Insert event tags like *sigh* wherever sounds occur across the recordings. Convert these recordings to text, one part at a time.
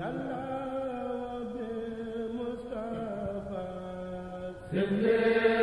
Salla bi Mustafa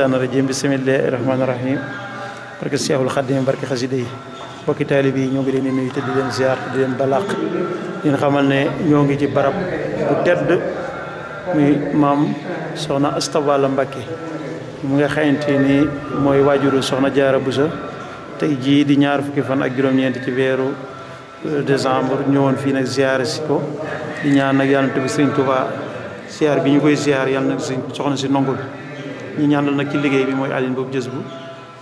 seytaani rajim bisimilahi rahmaani rahim barke Seexul Xadim barke xasida yi mbokki taalib ñoo ngi leen di nuyu te di leen ziar di leen balaq xamal ne ñoo ngi ci barab bu tedd muy maam soxna Asta Walo Mbakke mu nga xayante ni mooy waajuru soxna Jaara Buso te jii di ñaar fukki fan ak juróom-ñeent ci weeru euh, décembre ñëwoon fii nag ziar si ko di ñaan nag yàlla na tëbi Sëriñ Tuubaa ziar bi ñu koy ziar yàlla nag soxna si nongul ñi ñaanal nag ci liggéey bi mooy Aline boobu jës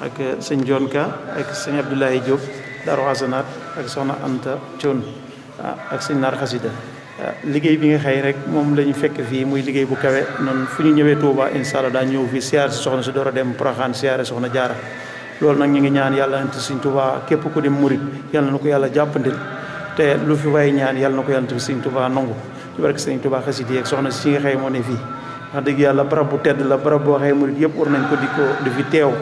ak euh, sëñ John Ka ak sëñ Abdoulaye Diop Darou Hasanaat ak soxna Anta Thion ah, ak sëñ Naar Xasida ah, liggéey bi nga xëy rek moom lañu ñu fekk fii muy liggéey bu kawe noonu fu ñu ñëwee Touba incha daa ñëw fii siyaar si soxna si door a dem Porokhane siyaare soxna jaara loolu nag ñu ngi ñaan yàlla nante sëñ Touba képp ku dem murit yàlla na ko yàlla jàppandil te lu fi waaye ñaan yàlla na ko yàlla nante sëñ Touba nangu ci barke sëñ Touba soxna si nga moo fii wax dëgg yàlla barab bu tedd la barab boo xëy murit yëpp war nañ ko di ko di fi teew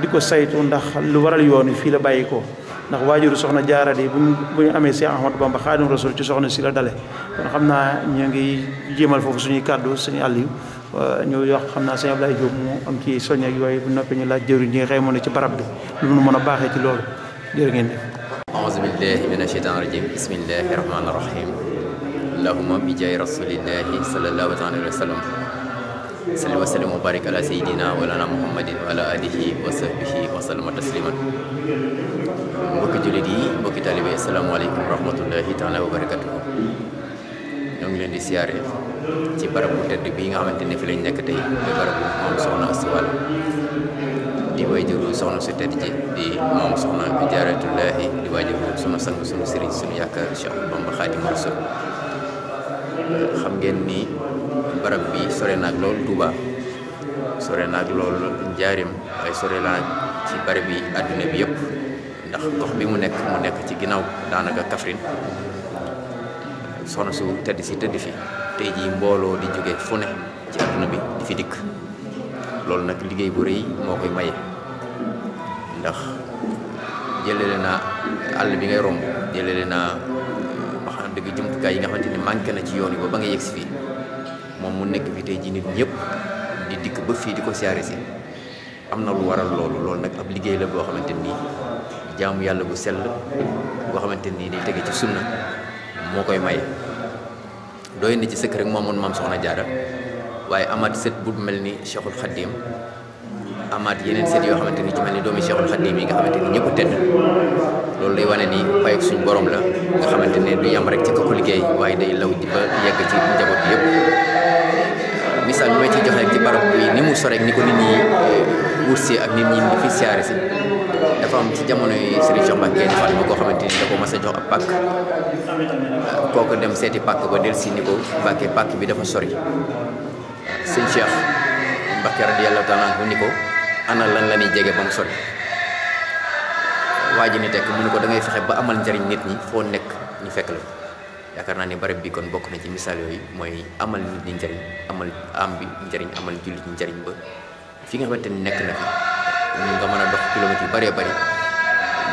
di ko saytu ndax lu waral yoon wi fii la bàyyi ko ndax waajuru soxna jaara di bu ñu bu ñu amee Seex Ahmadu Bamba Xaadimu Rasuul ci soxna si la dale kon xam naa ñu ngi jéemal foofu suñuy kàddu suñu àll yi ñu wax xam naa sëñ Ablaye Diop mu am ci soññe ak yooyu bu noppee ñu laaj jëriñ ñi nga xëy moom ci barab mu mën a baaxee ci loolu jërë ngeen def aouzu billahi mina shaytaani rajim bismillahi rahmaani salli wa sallim wa barik ala sayidina walana muhammadin wa ala alihi wa sahbihi wa sallama tasliman mbokki jullit yi mbokki taalibe yi asalaamaaleykum wa rahmatullahi taala ñoo ngi leen di siyaare ci barab bu tedd bii nga xamante ne fi lañ nekk tey mooy barab bu maam soxna Astou Walo di waajuru soxna su tedd ji di maam soxna jaaratullahi di waajuru sunu sang sunu sëriñ sunu yaakaar Cheikh Bamba Xaadimu Rasuul xam ngeen ni barab bi sore naag lool Touba sore ak lool njaarim ay sore laa ci barab yi àdduna bi yëpp ndax gox bi mu nekk mu nekk ci ginnaaw daanaka kafrin soxna su tëdd si tëdd fi tey jii mbooloo di jóge fu ne ci àdduna bi di fi dikk loolu nag liggéey bu rëy moo koy maye ndax jëlele naa àll bi ngay romb jëlele naa wax dëgg jumtukaay yi nga xamante ni manqué na ci yoon yi ba ba nga yegg si fii moom mu nekk fi tey ji nit ñëpp di dikk ba fii di ko siyaare si am na lu waral loolu loolu nag ab liggéey la boo xamante nii jaamu yàlla bu sell boo xamante nii day tege ci sunna moo koy maye doy na ci sëkk rek moomoon maam soxna jaara waaye amaat set bu mel ni cheikhul xaddim amaat yeneen sët yoo xamante ni ci mel ni doomi cheikhul xaddim yi nga xamante ni ñëpp tedd loolu day wane ni fayag suñ boroom la nga xamante ne du yam rek ci ko liggéey waaye day law di ci misaal bi ma ciy jox rek ci barab bi ni mu soreek ni ko nit ñi eh, wursee ak nit ñi di fi siyaare si dafa am ci jamono solution Cheikh Mbacké ma koo xamante ni da ko mas a jox ab ah, dem seeti pàkk ba del si ni ko Mbacké pàkk bi dafa sori Serigne Cheikh Mbacké radiyallahu taala anhu ni ko ana lan la ñuy jege ba mu sori waa ji ni tekk mu nu ko da fexe ba amal njariñ nit ñi foo nekk ñu fekk la yaakaar naa ne barab bi kon bokk na ci misaal yooyu mooy amal nit ñi njariñ amal am bi njëriñ amal jullit ñi njëriñ ba fi nga xamante ni nekk na fi nga mën a dox kilomètres yu bëree bëri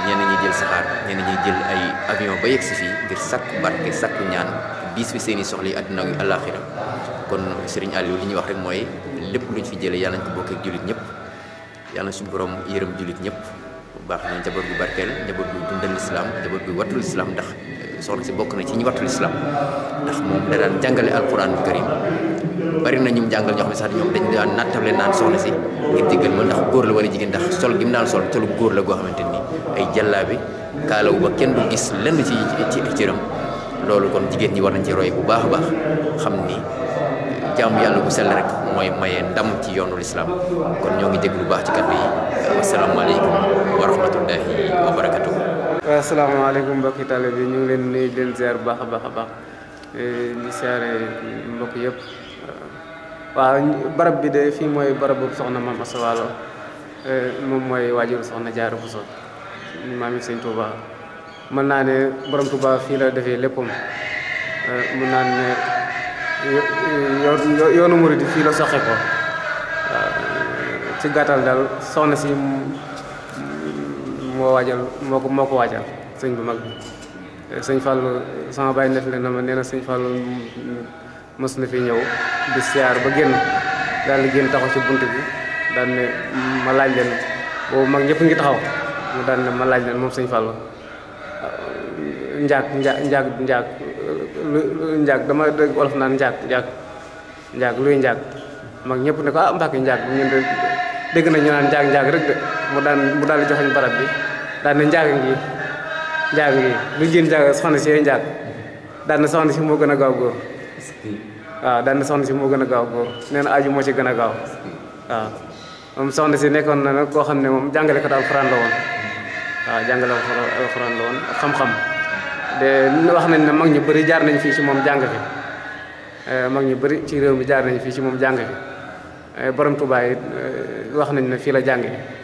ñenn ñi jël saxaar ñenn ñi jël ay avion ba yegg si fii ngir sàkku barke sàkku ñaan diis fi seen i soxla yi àdduna yu àllaaxira kon Serigne Aliou li ñuy wax rek mooy lépp luñ fi jëlee yàlla nañ ko bokk ak jullit ñëpp yàlla na suñu borom yërëm jullit ñëpp bu baax na njaboot bu barkeel njaboot bu dundal lislaam njaboot bu wattul lislaam ndax soxna si bokk na ci ñu wattu lislaam ndax moom da daan jàngale alquranul karim bari na ñu jàngal ñoo xam ne sax ñoom dañ daan nattable naan soxna si ngir diggal ma ndax góor la wala jigéen ndax sol gi mu sol colu góor la goo xamante ni ay jàllaabi kaalawu ba kenn du gis lenn ci ci cëram loolu kon jigéen ñi war nañ ci roy bu baax a baax xam ni jaamu yàlla bu sell rek mooy maye ndam ci yoonu lislaam kon ñoo ngi dégg lu baax ci kàddu yi wasalaamaaleykum wa rahmatullahi wa barakatuh waaw euh, asalaamaaleykum mbokki tale bi ñu ngi leen nuyu di leen ziar baax a baax a baax di siyaare mbokk yëpp waaw barab bi de fii mooy barab bu soxna Mame Asta Walo euh, moom mooy waajur soxna Diarra Bousso maam yi sëñ Touba naa ne borom Touba fii la defee léppam euh, mën fii la soxe ko ci gàttal daal soxna si moo waajal moo ko moo ko waajal sëñ bu mag bi sëñ Fallou sama bàyyi nef na ma nee na sëñ Fallou mës na fi ñëw di ba génn daal di génn taxaw ci bunt bi daal ma laaj leen boobu ñëpp ngi taxaw mu daal ma laaj leen moom sëñ Fallou njaag njaag njaag njaag njaag dama dégg wolof naan njaag njaag njaag luy njaag mag ñëpp ne ko ah Mbàkke njaag dégg nañ naan njaag njaag rek de mu daan mu daal di barab bi daal na njaaga ngi njaaga lu jën njaaga soxna si yooyu njaag daal soxna si moo gën a gaaw góor waaw daal soxna si moo gën a gaaw góor nee na aju moo ci gën a gaaw waaw moom soxna si nekkoon na nag koo xam ne moom jàngale ko daal alxuraan la woon waaw jàngale alxuraan la woon xam-xam de wax nañ ne mag ñu bari jaar nañ fii ci moom jàng fi eh, mag ñu bari ci réew mi jaar nañ fii ci moom jàng fi eh, borom Tuubaa eh, wax nañ ne fii la jàngee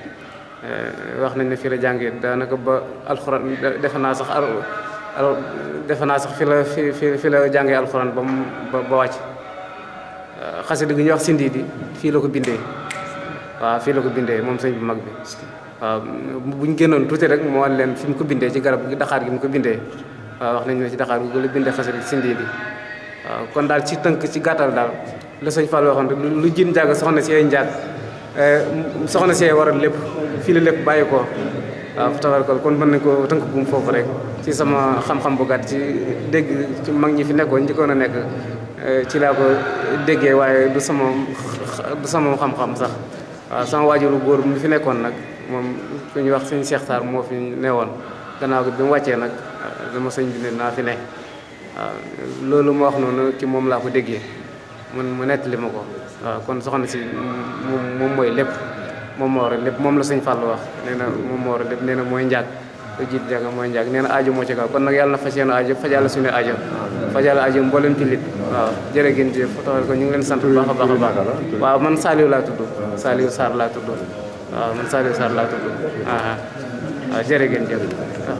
Eh, wax nañ ne fi la jàngee daanaka ba alxuraan defe naa sax alors defe naa sax fi la fi fi la jàngee alxuraan ba mu ba wàcc eh, xasida gi ñuy wax sindi di fii la ko bindee waaw fii la ko bindee moom sëñ bu mag bi waaw bu ñu génnoon tuuti rek moo leen fi mu ko bindee ci garab gi daxaar gi mu ko bindee waaw wax nañ ne ci daxaar gi la bindee xasida sindi di waaw kon daal ci tënk ci gàttal daal la sëñ Fall waxoon rek lu jin njàgg soxna si ay njàgg eh, soxna si ay lépp fii la lépp bàyyi ko waaw fa tabarkal kon mën na koo tënk gum foofu rek ci sama xam-xam bu gàtt ci dégg ci mag ñi fi nekkoon njëkkoon a nekk eh, ci laa ko déggee waaye du sama du sama xam-xam sax waaw sama waajuru góor mu fi nekkoon nag moom ku ñuy wax sëñ Cheikh moo fi newoon gannaaw gi bi mu wàccee nag ah, dama sëñ bi ne naa fi ne waaw loolu ma wax noonu ci moom laa ko déggee man mu nettali ma ko waaw kon soxna si moom mooy lépp moom moo war a lépp moom la suñ Fall wax nee moom moo war a lépp nee mooy njaag lu jiit mooy njaag nee na moo ci kaw kon nag yàlla na fas yéene aajo fajal la suñu aajo fajal aajo mboolem tilit waaw jërë ngeen jëf taxal ko ñu ngi leen sant bu baax a baax a baax waaw man Saliou laa tudd Saliou Sarr laa tudd waaw man Saliou Sarr laa tudd waaw jërë ngeen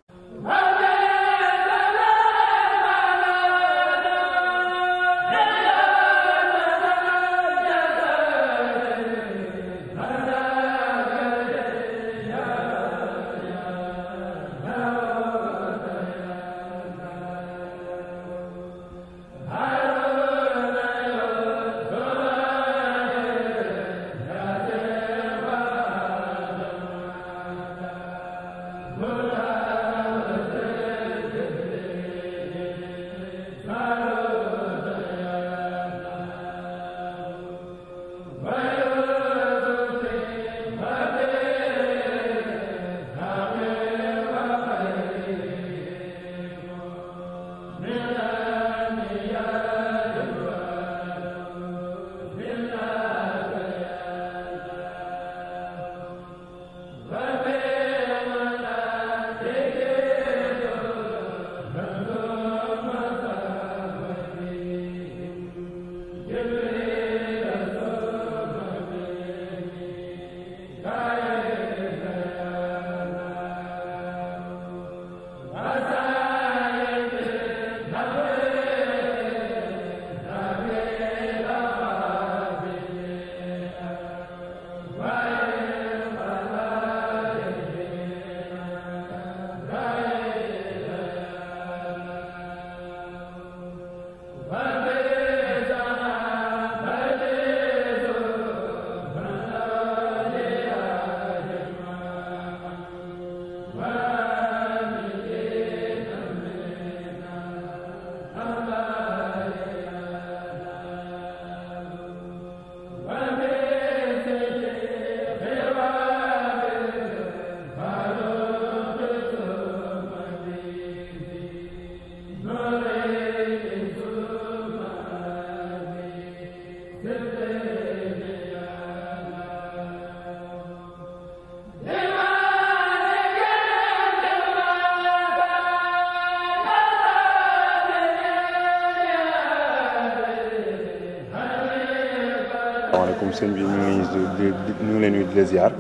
sëñ bi ñu ngi ñu ngi leen di nuyu di la ziar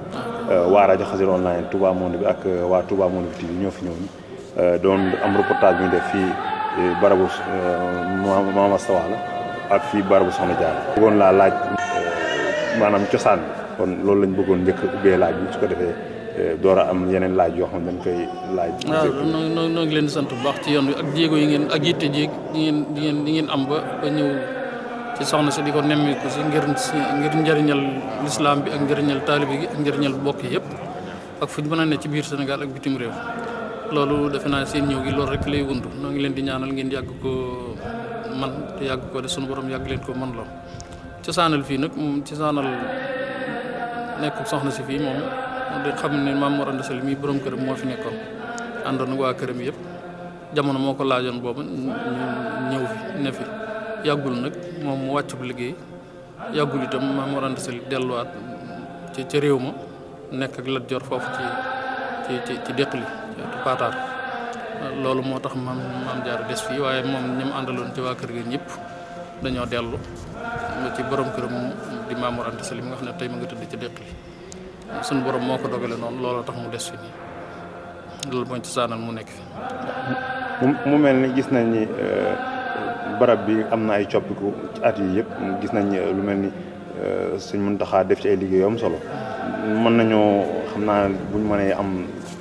euh, waa rajo Xassida online Touba Monde bi ak euh, waa tubaa Monde bi TV ñoo fi ñëw euh, doon am reportage bi ñu def fii barabu Mama Sawa la ak fii barabu Soxna Diarra. bëggoon laa laaj maanaam cosaan kon loolu lañ bëggoon njëkk a ubbee laaj bi su ko defee door a am yeneen laaj yoo xam ne dañ koy laaj. Ah, noo noo ngi leen sant bu baax ci yoon ak jéego yi ngeen ak yitte jéeg di ngeen di ngeen am ba ba ñëw. ci soxna si di ko nemmiku si ngir ngir njëriñal lislaam bi ak njëriñal taalibe bi ak njëriñal bokk yëpp ak fu ñu mën a ne ci biir Sénégal ak bitim réew loolu defe naa seen ñëw gi loolu rek lay wundu noo ngi leen di ñaanal ngeen yàgg ko man te yàgg ko de suñu boroom yàgg leen ko man lool cosaanal fii nag moom cosaanal nekk soxna si fii moom de xam ne maam Mor Anta Sali mi borom këram moo fi nekkoon àndoon ak waa këram yëpp jamono moo ko laajoon boobu fi yàggul nag moom mu wàcc bu liggéey yàggul itam Maam Mor delluwaat ci ca réew ma nekk ak Lat foofu ci ci ci ci li ci paataar loolu moo tax maam maam jaar des fii waaye moom ñi àndaloon ci waa kër gi ñëpp dañoo dellu ci borom këram di Maam Mor Anta Sali mi nga xam ne tey mu nga tëdd ci li suñu borom moo ko dogale noonu looloo tax mu des fi nii loolu mooy ci saanal mu nekk mu mel ni gis nañ ni euh, barab bi am na ay coppiku at yii yëpp gis nañ euh, lu mel ni euh, Sëñ Muntaxa def ci ay liggéeyoom solo mën nañoo xam naa buñ ma mënee am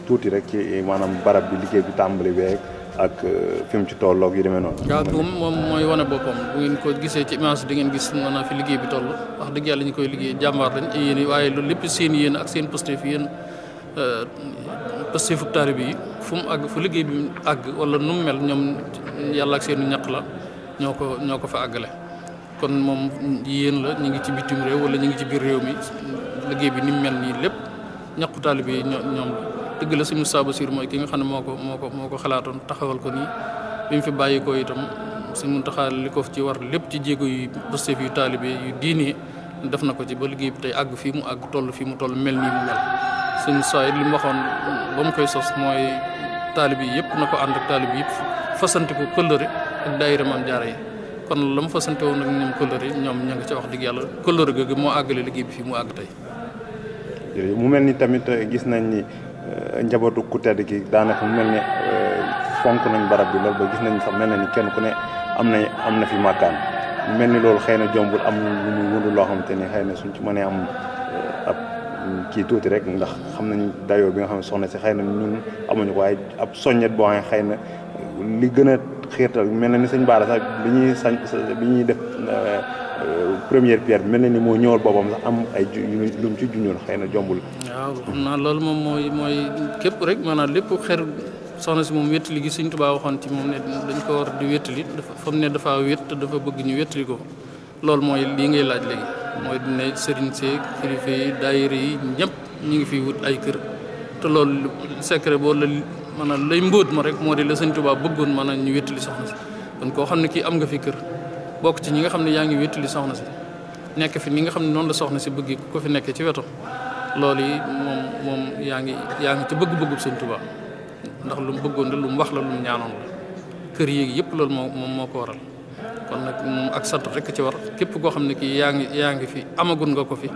tuuti rek ci eh, maanaam barab bi liggéey bi tàmbali beeg ak euh, fi mu ci tolloog yi demee noonu. Kaakum moom mooy wane boppam bu ngeen ko gisee ci image di ngeen gis maanaam fi liggéey bi toll wax dëgg yàlla ñu koy liggéey jàmbaar lañ ay waaye loolu lépp seen yéen ak seen positif yéen positif taari bi fu àgg fu liggéey bi àgg wala nu mu mel ñoom yàlla ak seenu ñaq ñoo ko ñoo ko fa àggale kon moom yéen la ñu ngi ci bitim réew wala ñu ngi ci biir réew mi liggéey bi ni mu mel nii lépp ñaqu taalibe yi ñoom dëgg la suñu saabu siir mooy ki nga xam ne moo ko moo ko moo ko xalaatoon taxawal ko nii bi mu fi bàyyi ko itam suñu muntaxaa li ko ci war lépp ci jéego yu pëstef yu taalibe yu diine def na ko ci ba liggéey bi tey àgg fii mu àgg toll fii mu toll mel nii mu mel suñu saa li mu waxoon ba mu koy sos mooy taalib yi yëpp na ko ànd ak taalib yi ko këllëre ak daayira Maam yi kon la mu fa sante woon ak ñoom kóllëre yi ñoom ña nga ca wax dëgg yàlla kóllëre googu moo àggale liggéey bi fii mu àgg tey. mu mel ni tamit eh, gis nañ ni eh, njabootu ku tedd gi daanaka mu mel ni eh, fonk nañ barab bi loolu ba gis nañ sax mel na ni kenn ku ne am na am na fi màkkaan mu mel ni loolu xëy na jombul am lu mu wundu loo xamante ni xëy na suñ ci mënee am ab mm, kii tuuti rek ndax xam nañ dayoo bi nga xam ne soxna si xëy na ñun amuñu ko waaye na xiirtal mel na ni sëñ Baara sax bi ñuy sañ bi ñuy def euh, première pierre mel na ni moo ñëwal boppam la am ay ju lu mu ci junjoon xëy na jombul. waaw xam naa loolu moom mooy mooy képp rek maanaam lépp xer soxna si moom wétali gi sëñ Tuubaa waxoon ci moom ne dañ ko war di wétali dafa fa ne dafa wét dafa bëgg ñu wétali ko loolu mooy lii ngay laaj léegi mooy dina sëriñ see kilifa yi daayira yi ñëpp ñu ngi fi wut ay kër te loolu secret boo la man maanaam lay mbóot ma rek moo di la sëñ Tuubaa bëggoon maanaam ñu wéttali soxna si kon koo xam ne kii am nga fi kër bokk ci ñi nga xam ne yaa ngi wéttali soxna si nekk fi ni nga xam ne noonu la soxna si bëgg ku ko fi nekkee ci wetu loolu yi moom moom yaa ngi yaa ngi ca bëgg-bëggu sëñ Tuubaa ndax lu mu bëggoon la lu mu wax la lu mu ñaanoon la kër yéegi yëpp loolu moo moom moo ko waral kon nag moom ak sant rek ci war képp koo xam ne kii yaa ngi yaa ngi fi amagun nga ko fi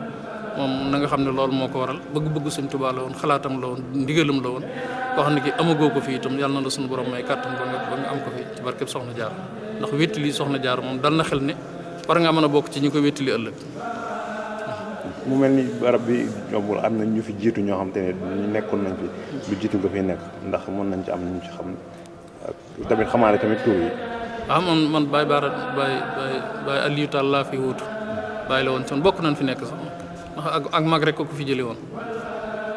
moom na nga xam ne loolu moo ko waral bëgg-bëgg suñ tubaal la woon xalaatam la woon ndigalam la woon koo xam ne kii amagoo ko fii itam yàlla na la am ko fii ci barkeb soxna jaar ndax wétti lii soxna jaar moom dal na xel ne war ngaa mën a bokk ci ñi ko wétti li ëllëg mel ni barab bi yombul am na ñu jiitu ñoo xam te ne nekkoon nañ fi lu jiitu nga fi nekk ndax mën nañ ci am ñu ci xam ak tamit xamaale tamit tur yi waaw ah, man man Baye Baara Baye Baye Aliou Tall laa fi wuutu Baye la woon son bokk nañ fi nekk sax ndax ak mag rek ko fi jëlee woon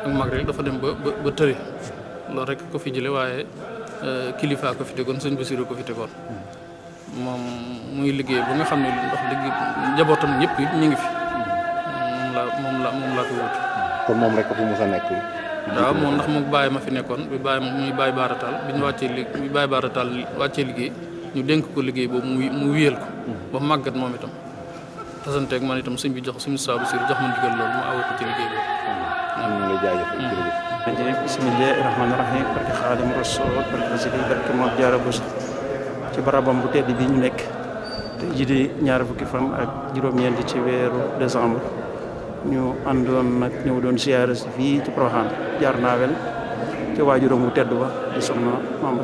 ak mag rek dafa dem ba ba tëri loolu rek ko fi jële waaye euh, kilifa ko fi tegoon sëñ Basiru ko fi tegoon moom muy liggéey bu nga xam ne ndax liggéey njabootam ñëpp it ñu ngi fi moom laa la moom laa ko moom rek ko fi mos a nekk. waaw moom ndax ma fi nekkoon bi bàyyi muy bàyyi baarataal bi ñu wàccee li bi bàyyi baarataal wàccee liggéey ñu denk ko liggéey boobu mu wiyal ko. Mm-hmm. ba màggat moom itam. tasanteeg man itam sëñ bi jox suñu saabu si jox ma ndigal loolu ma awatu ci bi. ñu ngi lay jaajëfal mm. jërëjëf. jërëjëf bisimilah rahmaani rahiim barke xaadim rasul ci barabam bu tedd bi ñu nekk te ji ñaar fukki fan ak juróom-ñeent ci weeru décembre ñu àndoon nag ñëw doon siyaare fii ci Porokhane jaar naawel ci waajuram bu tedd ba di soxna Mame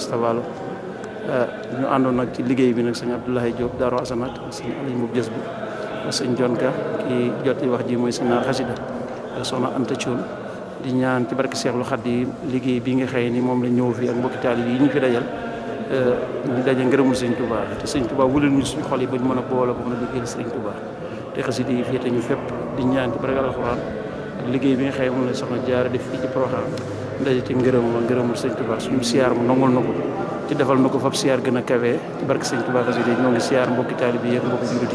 eh, ñu àndoon nag ci liggéey bi nag sëñ Abdoulaye Diop Darou Assanaat ak sëñ Aliou bi sëñ Jon Ka ki jot wax ji mooy sëñ Naar Xasida ak soxna Anta Thion di ñaan ci barke Seexul Xadiim liggéey bii nga xëy ni moom la ñëw fii ak mbokki taalib yi ñu fi dajal euh, ñu daje ngërëmul sëñ Touba te sëñ ñu suñu xol yi bañ mën a boole ba a liggéeyal sëñ Touba te ñu fépp di ñaan ci barke alxuraan ak liggéey bi nga xëy moom la soxna def fii ci Porokhane ndaje ci ngërëm ngërëmul sëñ Touba suñu siyaar mu nangul na ko te defal na ko fab siyaar gën a kawe ci barke sëñ Touba xasida yi ñoo ngi siyaar mbokki taalib yi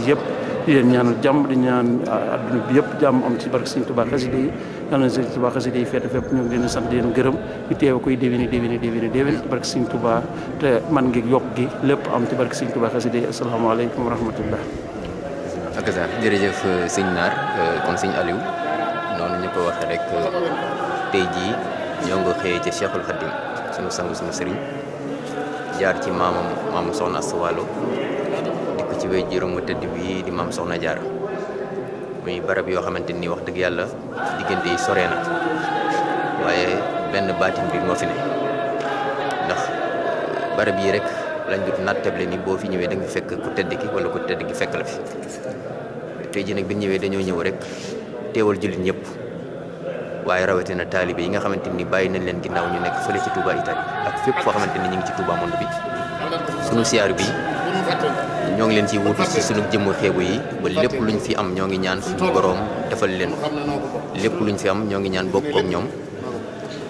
yëpp di leen jàmm di ñaan adduna bi yëpp jàmm am ci barke Sëriñ Tuubaa xasida yi yal na Sëriñ Tuubaa xasida yi feete fépp ñu ngi leen sant di leen gërëm di teew koy déwéni déwéni déwéni déwéni ci barke te man ngi yokk gi lépp am ci barke Sëriñ Tuubaa xasida yi asalaamaaleykum wa rahmatullah ak sa jërëjëf sëñ Naar kon sëñ Aliou noonu ñu ko waxee rek tey jii ñoo ngi xëyee ci Cheikhul Khadim sunu sang sunu sëriñ jaar ci maamam maamu soxna Aswalo ci wéy juróom tëdd bi di maam Soxna Jaara muy barab yoo xamante ni wax dëgg yàlla diggante yi soree na benn baatin moo fi ne ndax eh, barab rek lañ dut nattable ni boo fi ñëwee da nga fekk ku tëdd wala ku tëdd fekk la fi tey bi ñëwee dañoo ñëw rek teewal jullit ñëpp waaye rawatina taalibe yi nga xamante ni bàyyi nañ leen ginnaaw ñu nekk fële ci Touba Italie ak fépp ni ñu ngi ci Touba bi ñoo ngi leen ci wutu ci sunu jëmm xeebu yi ba lépp luñ fi am ñoo ngi ñaan suñu boroom defal leen lépp luñ fi am ñoo ngi ñaan bokk kook ñoom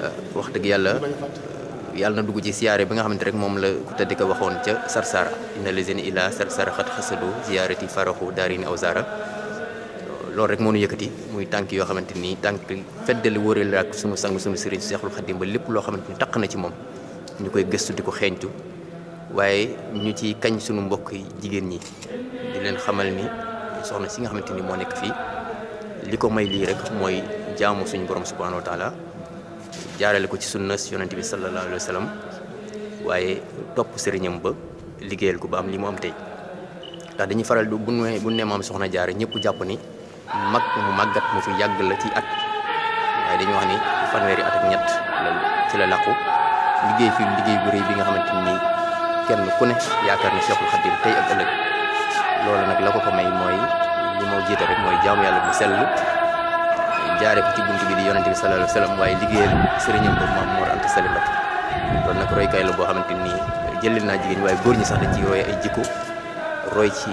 uh, wax dëgg yàlla uh, yàlla na dugg ci siyaare bi nga xamante rek moom la ku tëdd ko waxoon ca sarsara inna lazina ila sarsara xat xasadu ziyaarati faraxu daarini aw zara uh, loolu rek moo nu yëkkati muy tànk yoo xamante ni tànk feddali wóoreel ak sunu sang sunu sëriñ Seexul Xadim ba lépp loo xamante ni taq na ci moom ñu koy gëstu di ko xeeñtu waaye ñu ci kañ sunu mbokk jigéen ñi di leen xamal ni soxna si nga xamante ni moo nekk fii li ko may lii rek mooy jaamu suñu borom subhanahu wa taala ko ci sunna yonent bi sallallahu alayhi wa sallam waaye topp sëriñam ba liggéeyal ko ba am li mu am tey ndax dañuy faral du bu ne bu ne soxna jaar ñëpp jàpp ni mag mu màggat mu fi yàgg la ci at waaye dañuy wax ni fanweeri at ñett ci la làqu liggéey fi liggéey bu bi nga xamante ni kenn ku ne yaakaar na Cheikhul Khadim tey ak ëllëg loolu nag la ko ko may mooy li moo jiite rek mooy jaamu yàlla bu sell jaare ko ci bunt bi di yonente bi sallallahu alayhi wa sallam waaye liggéeyal Maam Mor Anta Sali Mbacké loolu nag roykaay la boo xamante nii jëlil naa jigéen ñi waaye góor ñi sax dañ ci roy ay jikko roy ci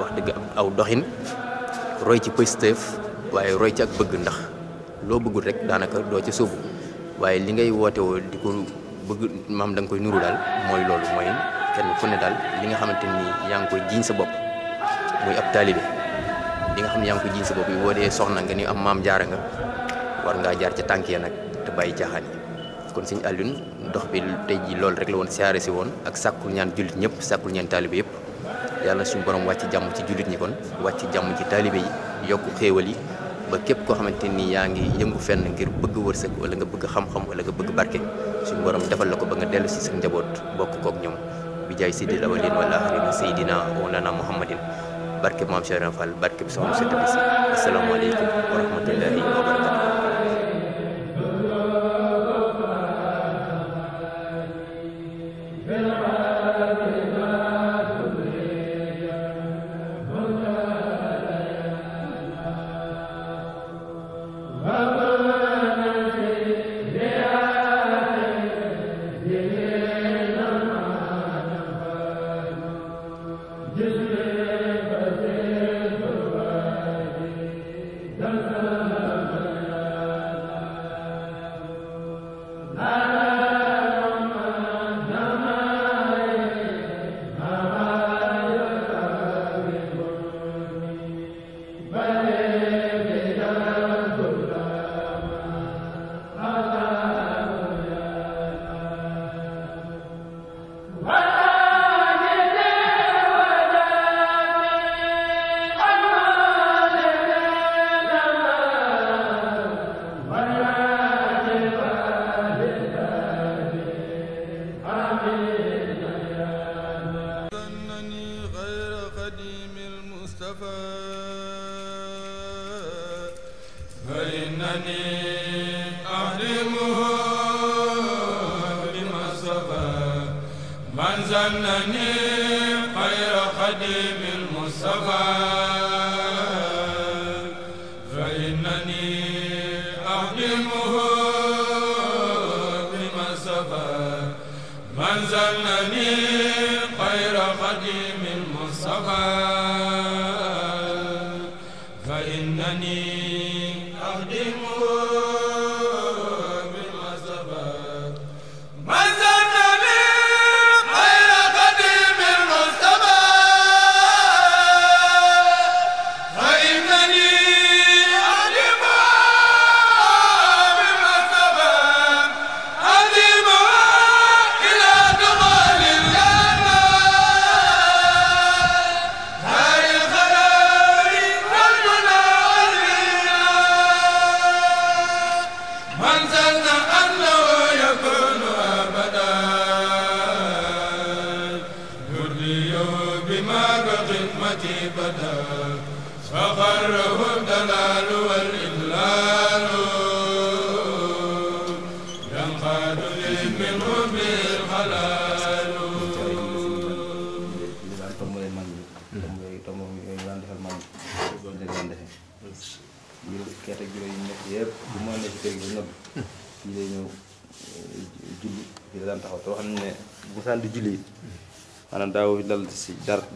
wax dëgg aw doxin roy ci pësteef waaye roy ci ak bëgg ndax loo bëggul rek daanaka doo ci suubu waaye li ngay woote di ko bëgg maam da nga koy nuru daal mooy loolu mooy kenn ku ne daal li nga xamante ni yaa ngi koy jiiñ sa bopp muy ab taalibe li nga xam ne yaa ngi koy jiiñ sa bopp boo dee soxna nga ni am maam jaara nga war ngaa jaar ca tànk ya nag te bàyyi caaxaan yi kon sëñ Alioune dox bi tey ji loolu rek la woon siyaare si woon ak sàkkul ñaan jullit ñëpp sàkkul ñaan taalibe yëpp yàlla suñu borom wàcc jàmm ci jullit ñi kon wàcc jàmm ci taalibe yi yokk xéewal yi ba képp koo xamante ni yaa ngi yëngu fenn ngir bëgg wërsëg wala nga bëgg xam wala nga bëgg barke suñu borom defal ko ba nga dellu si sa njaboot bokk kook ñoom bi jaay sayyidil awwalin wal aaxirin sayyidina mawlana muhammadin barke maam Cheikh Fall barke bi soxna si tamit si asalaamaaleykum wa rahmatullahi wa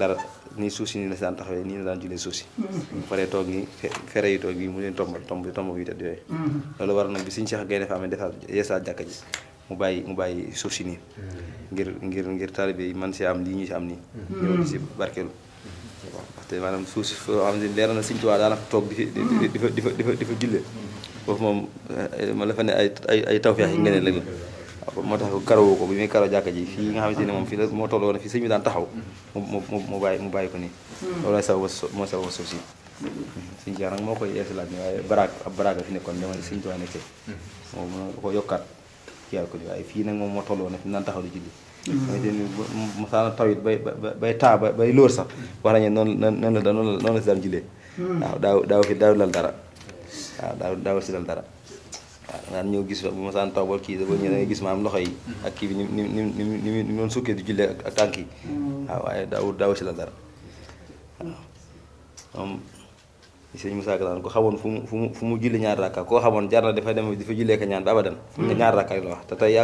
dara nii suuf si nii la si daan taxawee nii la daan jullee suuf si. bu mm-hmm. paree toog nii fere yi toog yi mu leen tombal tomb tomb yu tedd yooyu. Mm-hmm. loolu war nag bi suñu a Gaynde Fatma defaat yeesaat jàkka ji mu bàyyi mu bàyyi suuf si nii. Mm-hmm. ngir ngir ngir taalibe yi man si am lii ñu si am nii. ñëw di si barkeelu. waxte maanaam suuf si foo xam ne leer na Sëñ Tuubaa daanaka toog di di fa di fa di fa jullee. foofu moom eh, eh, ma la fa ne ay ay ay tawfeex yi moo tax karawu ko bi muy karaw jàkka ji fii nga xam xamante ne moom fii la moo tolloo na fii sëñ bi daan taxaw mu mu mu bàyyi mu bàyyi ko nii hmm. loolu sabab moo sabab suuf si sëñ Cheikh moo koy yeesalaat ni waaye baraag ab baraag fi nekkoon jamono sëñ Tuubaa nekkee hmm. moom mën ko yokkaat kiyaat ko ni fii nag moom moo tolloo na fi daan taxaw di julli hmm. xamante ni masaana taw it bay bay taa bay lool sax wax nañu noonu noonu la noonu la si daan jullee waaw daaw daaw fi daaw lal dara waaw daaw daaw si dal dara waaw naan ñoo gis bu ma saan tawbal kii dafa ñëw da nga gis maam loxo yi ak kii bi ni ni ni ni doon sukkee di jullee ak tànk yi mm. waaw waaye daaw daaw si la dara waaw sëñ Moussa Ka daan ko xamoon fu mu fu mu fu rakka koo xamoon jar na dem di fa jullee ñaan bi abadan hmm. rakka la wax te tey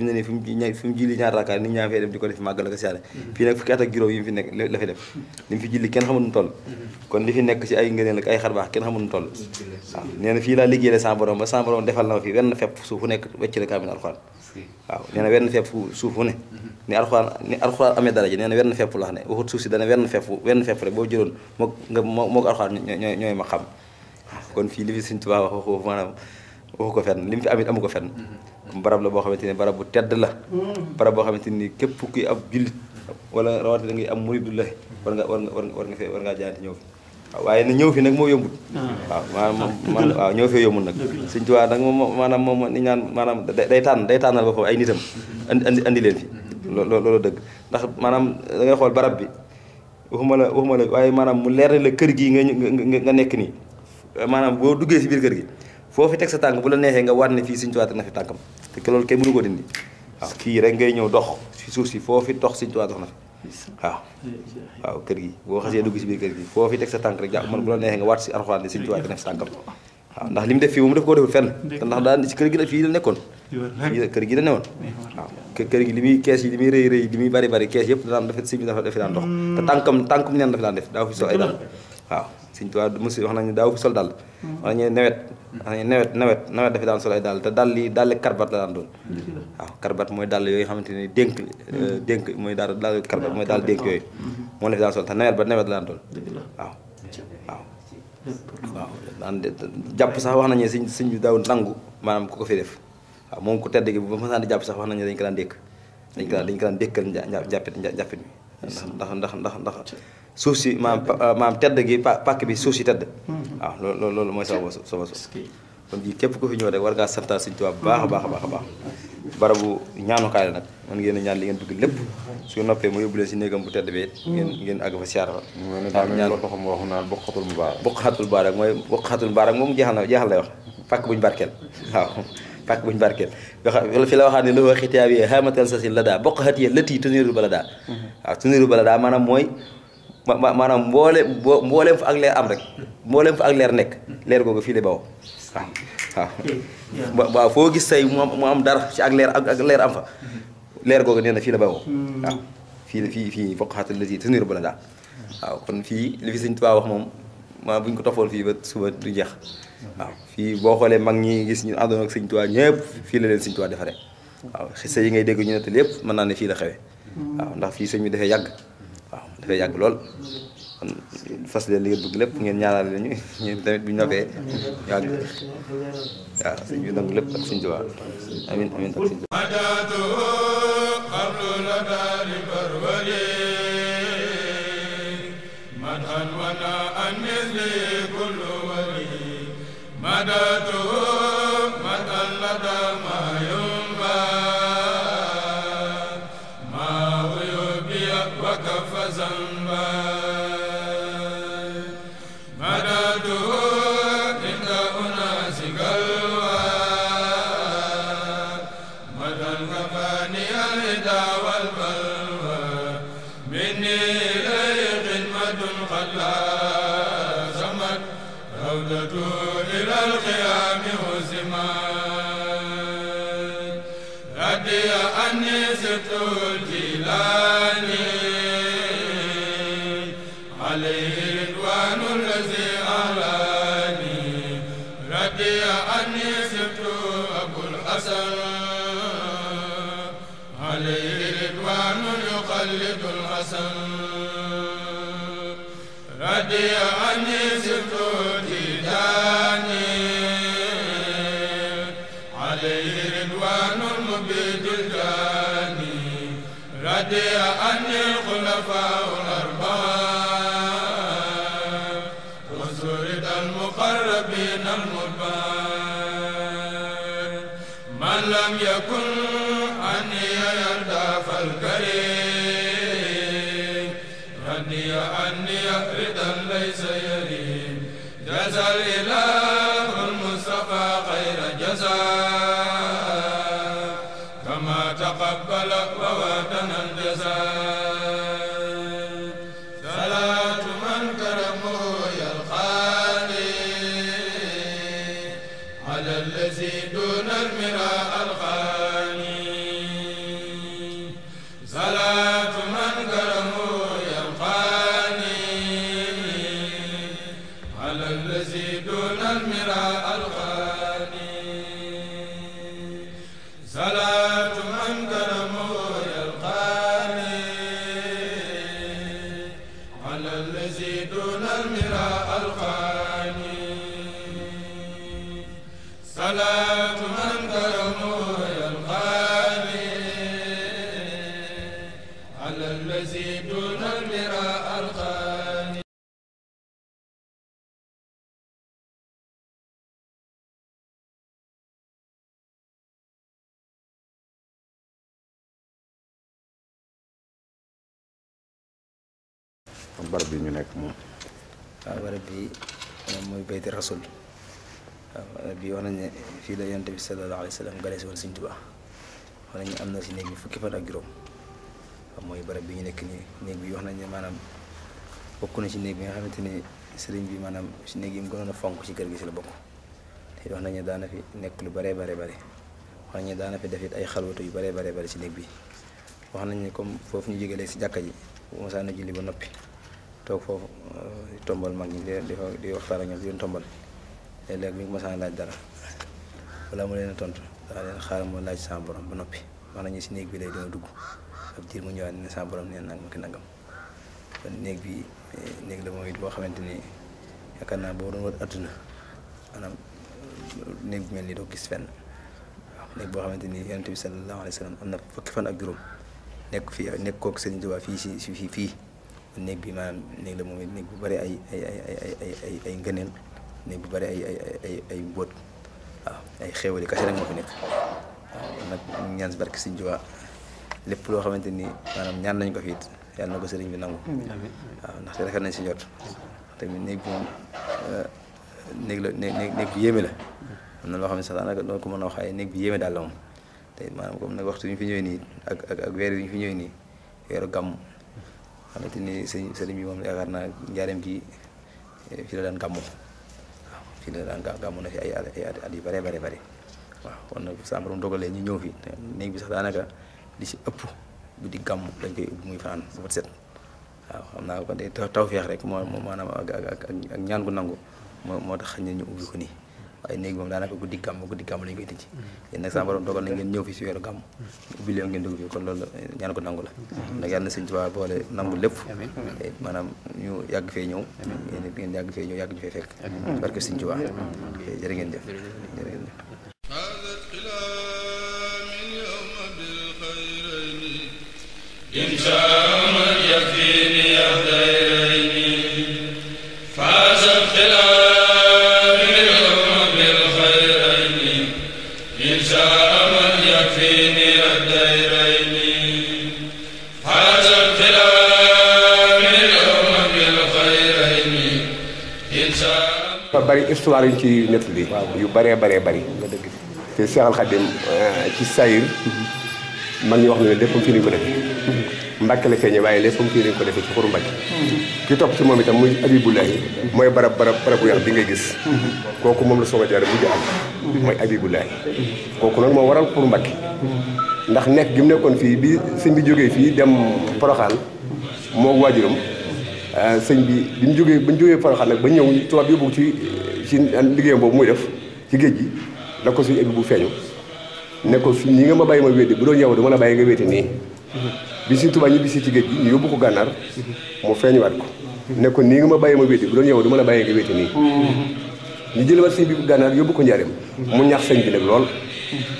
dem di ko def màggal ak siyaare hmm. fii nag fukki at ak yi mu fi nekk kenn xamul nu toll hmm. kon li fi nekk ci ay ngëneel ay xarbaax kenn xamul nu toll waaw fii laa liggéeyale sama borom ba sama defal na ma fii wenn fepp suuf fu nekk wecc la kaamil alxuraan waaw nee na weer na fepp suuf wu ne ni alxuraan ni alxuraan amee daraja nee na weer ne waxut suuf si dana weer na fepp weer na rek boo jëloon moo nga ñooy ma xam kon fii li fi Sëñ Tuubaa wax waxu maanaam waxu ko fenn li mu fi amit amu ko fenn barab la boo xamante ni barab bu tedd la barab boo xamante ni képp kuy ab jullit wala rawatina ngay am muridu la war nga war nga war nga ñëw waaye na ñëw fi nag moo yombut ah. waaw maanaam moom waaw ñëw fee yombut nag Sëñ Tuubaa nag moom maanaam moom ni ñaan maanaam day tànn day tànnal boppam ay nitam andi andi leen fi loolu dëgg ndax maanaam da ngay xool barab bi waxuma la waxuma la waaye maanaam mu leer la kër gii nga nga nekk nii maanaam boo duggee si biir kër gi foofu fi teg sa tànk bu la neexee nga war ne fii Sëñ Tuubaa teg na fi tànkam te loolu kenn mënu ko dindi waaw fii ngay ñëw dox si suuf si foo fi dox Sëñ dox na waaw waaw kër gi boo xasee dugg si biir kër gi foo fi teg sa tànk rek jàpp man bu la neexee nga waat si arxuraan ne Sëriñ Tuubaa def si tànkam waaw ndax li mu def fii moom def koo deful fenn ndax daan si kër gi la fii la nekkoon kër gi la newoon waaw kër gi li muy kees yi li muy rëy rëy li muy bari bari kees yëpp danaam dafa sëñ bi dafa daan dox mm. te tànkam tànkum neen dafa daan def daa fi so ay daan waaw sëñ Tuubaa monsieur wax nañu daaw fi sol dàll mm. wax nañu nawet wax nañu nawet nawet nawet dafa daan sol ay dàll te dàll yi dàll karbat la daan doon mooy dàll yooyu xamante ne dénk mm. euh, dénk mooy daal dàll karbat mooy daal dénk yooyu mm-hmm. moo la daan te nawet ba nawet la daan doon waaw waaw waaw jàpp sax wax nañu sëñ sëñ bi daaw nangu maanaam ku ko fi def waaw moom ko tedd gi bu ma saan di jàpp sax wax nañu dañ ko daan dékk dañ ko daan dañ ko daan dékkal jàppit jàppit mi ndax ndax ndax ndax suuf si maam euh, maam tedd gi pàkk bi suuf si tedd. Mhm. waaw loolu loolu mooy sama sama suuf. kon jii képp ku fi ñëw rek war ngaa santaa Sëñ Tuubaa bu baax a baax a baax a baax barabu ñaanukaay la nag mën ngeen a ñaan li ngeen bëgg lépp su noppee mu yóbbu leen si néegam bu tedd bi mhm. ngeen ngeen àgg fa siyaara fa waaw ñaan loolu xam wax naan boqatul mbaarak boqatul mbaarak mooy boqatul mbaarak moom jeexal na jeexal lay wax pàkk buñu barkeel waaw pàkk buñu barkeel wax fi la waxaat ne lowa xitaabi xamatal sa si la daa boq xat yee lëtt yi tuniru bala daa mhm. waaw tuniru bala daa maanaam mooy maanaam mboole mbooleem fa ak leer am rek mbooleem fa ak leer nekk leer googu fii la bawoo waaw ah. ah. waaw foo gis say mu am mu am dara ci ak leer ak leer am fa mm-hmm. leer googu nee na fii la bawoo waaw mm. ah. fii fii fii foqaxatal la si te niru bala daal waaw kon fii li fi sëñ wax moom maa buñ ko toppoon fii ba suba du jeex mm-hmm. waaw fii boo xoolee mag ñi gis ñu àndoon ak sëñ Tuubaa ñëpp fii la leen sëñ Tuubaa defaree waaw say yi ngay dégg ñu ne te lépp mën naa ne fii la xewee mm. waaw ndax fii sëñ bi defee yàgg fee yàgg lool kon fas leen li ngeen bëgg lépp ngeen ñaanal lañu ñeen tamit bu ñu noppee yàgg waaw sëñ bi nangu lépp ak sëñ Tuubaa amin amin ak sëñ يقلد الحسن رضي عني سبت ديداني عليه رضوان بجلداني رضي عني الخلفاء sal ila الذي barab bi ñu nekk moom waaw barab bi mooy bayti rasul waaw bi wax nañ ne fii la yonent bi sallallahu alayhi wa sallam gane si woon Sëriñ wax nañ am na si néeg bi fukki fan ak juróom mooy barab bi ñu nekk nii néeg bi wax nañ ne maanaam bokk na ci néeg bi nga xamante ni sëriñ bi maanaam ci néeg yi mu gënoon a fonk ci kër gi si la bokk te wax nañu ne daana fi nekk lu bare bare bare wax nañ ne daana fi def it ay xalwatu yu bare bare bare ci néeg bi wax nañ ne comme foofu ñu jógee léegi si jàkka ji bu masaana julli ba noppi toog foofu euh, tombal mag ñi di waxtaan ak ñoom di leen tombal léeg-léeg bu ñu laaj dara wala mu leen a tontu daa leen xaaral ma laaj sama ba noppi wax nañu si néeg bi lay dina dugg ab diir mu ñëwaat ne sa borom nee ki nangam kon néeg bi néeg la moom it boo xamante ni yaakaar boo doon wër bu mel nii doo gis fenn boo xamante ni yonent bi sallallahu alayhi wa sallam am na fukki fan ak juróom nekk fii nekk kook Sëriñ Tuubaa fii si fii fii néeg bi maanaam néeg la moom it néeg bu bëri ay ay ay ngëneel néeg bu bëri ay ay ay ay mbóot waaw ay xéewali kase rek moo fi nekk waaw ñaan si barke Sëriñ Tuubaa lépp loo xamante ni maanaam ñaan nañ ko fi it yàlla na ko sëriñ bi nangu. waaw ndax te nañ si njot tamit néeg bi moom euh, néeg la néeg néeg bi yéeme la. am na loo xam ne sax daanaka doon ko mën a wax ay néeg bi yéeme daal la moom te maanaam comme nag wax bi ñu fi ñëwee nii ak ak weer bi ñu fi ñëwee nii weeru gàmm xamante ni sëriñ sëriñ bi moom yaakaar naa njaareem gi eh, fi la daan gàmmu waaw la daan gàmmu na fi ay at ay at yu bare bare bare waaw kon nag saa borom dogalee ñu ñëw fii néeg bi sax daanaka. li ci ëpp guddi gàmm lañ koy ubbi muy fanaan ba set waaw xam naa ko day taw feex rek moo moo maanaam ak ak ak ñaan gu nangu moo moo tax xëy na ñu ubbi ko nii waaye néegi moom daanaka guddi gàmm guddi gàmm lañ koy tëj yéen nag sama borom dogal na ngeen ñëw fi si weeru gàmm ubbi leen ngeen dugg fi kon loolu ñaan ko nangu la nag yàlla na sëñ Tuubaa boole nangu lépp eh, maanaam ñu yàgg fee ñëw ngeen yàgg fee ñëw yàgg ñu fee fekk parce que sëñ Tuubaa eh, ngeen jëf bari histoire yu ñu ci nettali yu bëree bëree bëri te Seexal Xadim ah, ci sayir man yoo xam ne léppam fii lañ ko defee mbàkke la feeñe waaye léppam fii lañ ko defee ci xuru mbàkke ki topp ci moom itam muy abibulahi mooy barab barab barab bu weex bi ngay gis kooku moom la sooma jaara mujj am mooy abibulahi kooku nag moo waral xuru mbàkke ndax nekk gi mu nekkoon fii bi sëñ bi jógee fii dem poroxaan moo waajuram ah, sëñ bi bi mu jógee ba mu jógee poroxaan nag ba ñëw tubaab yóbbu ci ci liggéeyam boobu muy def ci géej gi la ko suñu abi bu feeñu ne ko fi ñi nga ma bàyyi ma wéete bu doon yow dama la bàyyi nga wéete nii bi si Tuubaa ñibbi si ci géej gi ñu yóbbu ko gànnaar mu feeñuwaat ko ne ko nii nga ma bàyyi ma wéete bu doon yow dama la bàyyi nga wéete nii ñu jëlawat sëñ bi bu gànnaar yóbbu ko njaareem mu ñax sëñ bi nag lool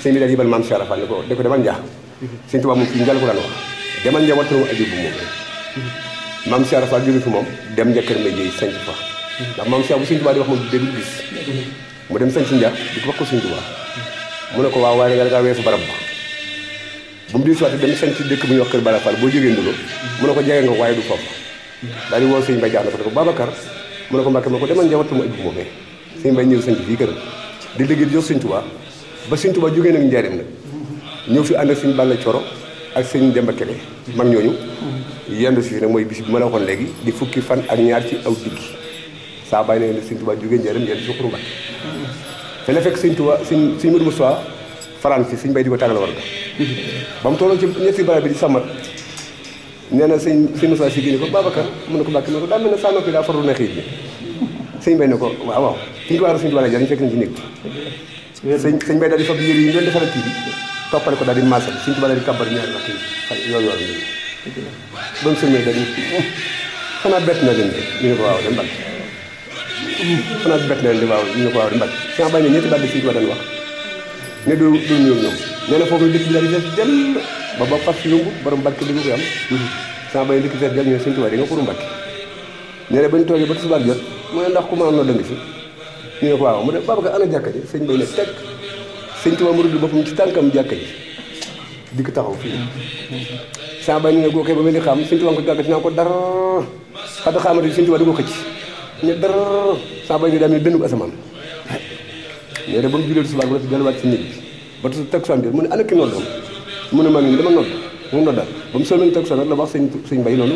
sëñ bi daal yibal maam Cheikh Rafal ne ko de ko demal njaax sëñ Tuubaa moom fii njal ko daan wax demal njaax wattanam ajib bu moom maam Cheikh Rafal jóge fi moom dem njëkkër ma jiy sanc fa ndax maam Cheikh bu sëñ Tuubaa di wax moom déglu gis mu dem sanc njaax di ko wax ko sëñ Tuubaa mu ne ko waaw waaye danga weesu barab ba bu mu di sotti dem sant dëkk bu ñuy wax kër Bala Fall boo jógee Ndulo mu ne ko jege nga waaye du foofu daal di woo sëñ Mbay jaxna ko ne ko Babacar mu ne ko Mbàkke ma ko demal njawat ma ëpp moomee sëñ Mbay ñëw sant fii këram di liggéey di jox sëñ Tuubaa ba sëñ Tuubaa jógee nag njaareem nag ñëw fi ànd ak sëñ Balla Coro ak sëñ Demba Kebe mag ñooñu yendu si fi mooy bis ma la léegi di fukki fan ak ñaar ci aw diggi saa bàyyi na ne sëñ Tuubaa jógee njaareem yendu si te la fekk sëñ Tuubaa sëñ sëñ Modou Moustapha faran si sëñ bay di ko tàggal warga ba mu tolloo ci ñetti barab bi di sàmmat nee na sëñ sëñ Moustapha si génne ko Babacar mun na ne ko daa mel ne saa noppi daa farlu na xiit bay ne ko waaw waaw sëñ Tuubaa sëñ Tuubaa la jariñ fekk nañ ci néeg bi sëñ sëñ bay fab yére yi ñu doon defaral kii bi toppale ko daal di maasal sëñ Tuubaa daal di kàbbar ñaari waxtu yi yooyu yooyu ba mu sëñee daal di *laughs* xanaa bett na leen ñu ne ko waaw dem bal France bett leen di waaw ñu ko waaw di mbagg Cheikh Abdoulaye ne ñetti baat fii ma doon wax ne du du ñëw ñoom nee na foofu dëkk bi daal di fees jël ba ba fas yëngu borom barke di nga koy am Cheikh Abdoulaye dëkk fees ne seen tubaab di nga pour mbagg nee na ba ñu toogee ba tisbaar jot mu ne ndax ku ma am noo dëng si ñu ne ko waaw mu ne Babacar ana jàkka ji sëñ bay ne teg sëñ tubaab mu rudd boppam ci tànkam jàkka ji dikk taxaw fii Cheikh Abdoulaye ba mel ni xam sëñ tubaab ko jàkka ci ko dara xata xaamati sëñ tubaab di ko xëcc ne dara saaba yi daa mel dënnu asamaan nee na ba mu jullee subaa ba noppi delluwaat ci néeg bi ba teg soxna bi mu ne ana ki noddoon mu ne maa ngi dama nodd mu noddal ba mu soxla teg soxna la wax sëñ sëñ mbay noonu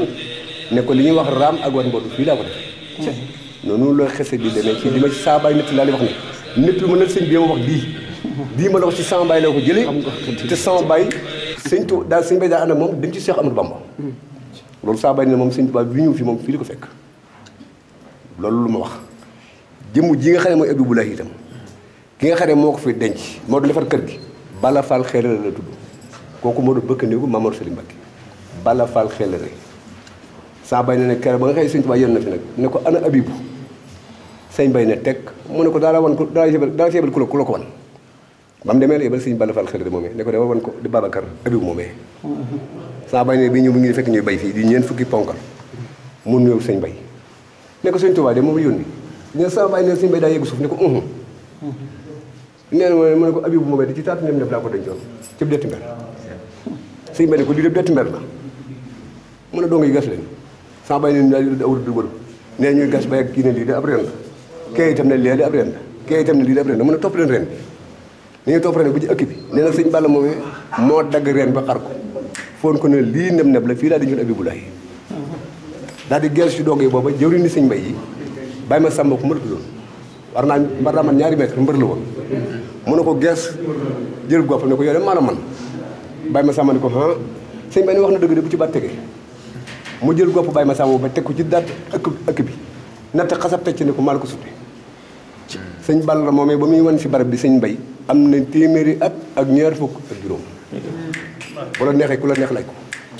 ne ko li ñuy wax raam ak war mbootu fii laa ko def. noonu loo xese bii demee ci li ma ci saaba yi netti laa wax ne netti ma ne sëñ bi ma wax dii dii ma la wax ci sama baay ko jëlee te sama baay sëñ tu daal sëñ bay daal ànd ak moom dañ ci Cheikh Amadou Bamba hmm. loolu saa bay ne moom sëñ Tuubaa bi ñëw fi moom fii li ko fekk loolu lu ma wax jëmm ji nga xam ne mooy Abdou Boulaye itam ki nga xam ne moo ko fi denc moo doon defar kër gi Bala Fall Xeelere la tudd kooku moo doon bëkk néegu Mamadou Sali Mbacké Bala Fall Xeelere saa bay na ne keroog ba nga xëy sëñ Tuubaa na fi ne ko ana Abibu sëñ bay ne teg ne ko daala wan ko daala yebal ko wan ba demee la yebal Bala Fall Xeelere moomee ne ko dama ko di Babacar Abibu moomee mm-hmm. saa bay bi ñu mu ngi fekk bay fii di ñeent fukki ponkal mun ñëw sëñ bay ne ko sëñ Tuubaa de moom la yónni ne sama ne sëñ bay daa yegg suuf ne ko uhum nee na mu ne ko abibu moomee di ci taatu ñoom def laa ko dencoon ci detti mber ne ko lii detti mber la mu ne yi gas leen sama ne ñuy gas bay ak kii ne lii de ab ren la kee itam ne lee de ab ren la kee itam ne lii de ab ren la mu ne topp leen ren bi ni ñu topp ren bi ci ëkk bi nee na sëñ Balla moomee moo dagg ren ba xar ko foon ko ne lii neb neb la fii laa dencoon abibulaay daal di geer si yi booba jëwri ni sëñ mbay yi bàyyi ma sàmba ko mbër la doon war naa war naa man ñaari mètre mbër la woon mu ne ko gees jël gopp ne ko yow de maanaam man bàyyi ma sàmba ne ko ah sëñ bay ni wax na dëgg de bu ci baat mu jël gopp bàyyi ma sàmba ba teg ko ci daat ëkk ëkk bi natt xasab tecc ne ko maal ko sutte sëñ Balla moomee ba muy wan si barab bi sëñ mbay am na téeméeri ak ak ñaari fukk ak juróom wala neexee ku la neex ko